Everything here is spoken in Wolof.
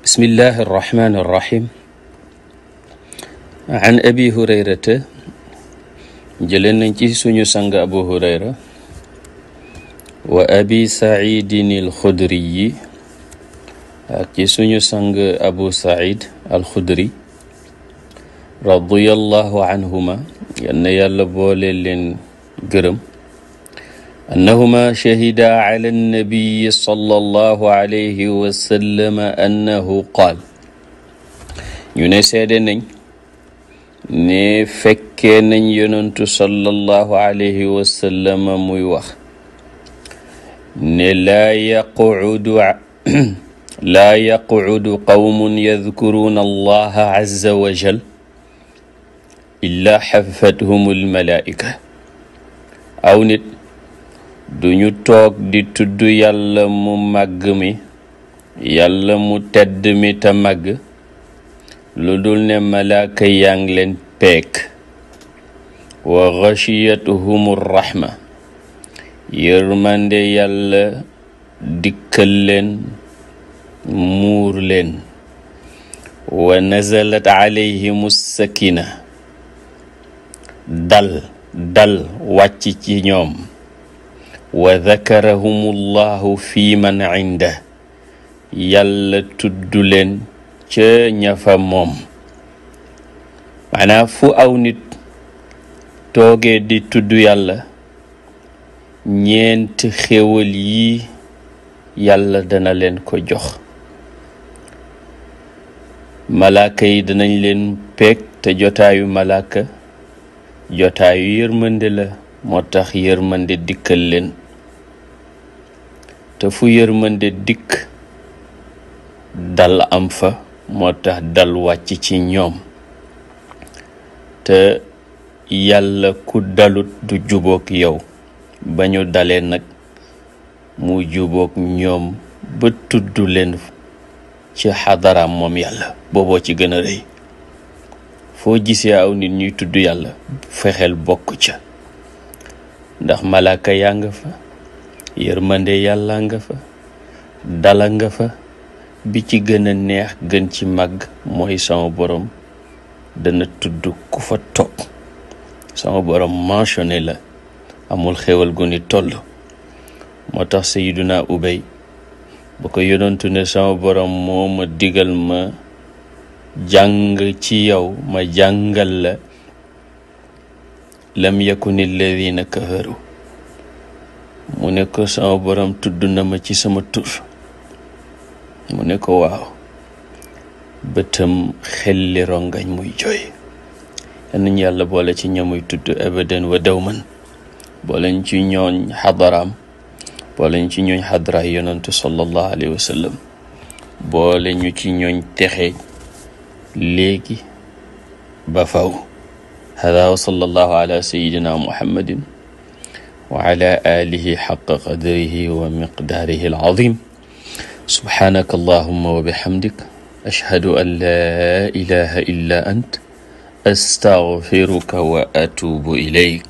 بسم الله الرحمن الرحيم عن أبي هريرة جلنا نجي سنو سنغ أبو هريرة وأبي سعيد الخدري أكي سنو سنغ أبو سعيد الخدري رضي الله عنهما يأن يالا بولي لين gërëm annahuma shahida ala annabiyi sallallahu alayhi wa sallam annahu qaal ñu ne seede nañ ne fekkee nañ yonantu sallallahu alayhi wa sallam muy wax ne laa yaquudu laa yaquudu qawmun yadkuruuna allaha azza wa jal illaa xafathum almalaika aw nit duñu toog di tudd yàlla mu màgg mi yàlla mu tedd mi te màgg lu dul ne malaaka yaa ngi leen peek wa ghashiyatuhumu rahma yërmande yàlla dikkal leen muur leen wa nazalat alayhimu sakina dal dal wàcc ci ñoom wa dakarahum allahu fi man inda yàlla tudd leen ca ñafa moom maanaam fu aw nit toogee di tudd yàlla ñeenti xéwal yi yàlla dana leen ko jox malaaka yi danañ leen peeg te jotaayu malaaka jotaayu yërmande la moo tax yërmande dikkal leen te fu yërmande dikk dal am fa moo tax dal wàcc ci ñoom te yàlla ku dalut du jubook yow ba ñu dalee nag mu jubook ñoom ba tudd leen ci xadaraam moom yàlla booboo ci gën a rëy foo gisee aw nit ñuy tudd yàlla fexeel bokk ca ndax malaaka yaa nga fa yërmande yàlla nga fa dala nga fa bi ci gëna neex gën ci màgg mooy sama borom dana tudd ku fa toog sama borom mentionné la amul xéwal gu ni toll moo tax Sayyiduna Ubay ba ko yonantu ne sama borom moo ma digal ma jàng ci yow ma jàngal la lam yakuni alladina kafaru mu ne ko sama borom tudd na ma ci sama tur mu ne ko waaw bëtam xelli rongañ muy jooy nañ yàlla boole ci ñamuy tudd abadan wa dawman booleñ ci ñooñ xadaraam booleñ ci ñooñ xadaraay yonantu sallallahu alayhi wa sallam ñu ci ñooñ texe léegi ba faw hada wa sallallahu ala sayidina muhammadin wa ala alihi xaqa qadrihi wa miqdaarihi alazim subhaanaka allahumma wa bihamdik ashhadu an laa ilaha illa ant astaghfiruka wa atubu ilayk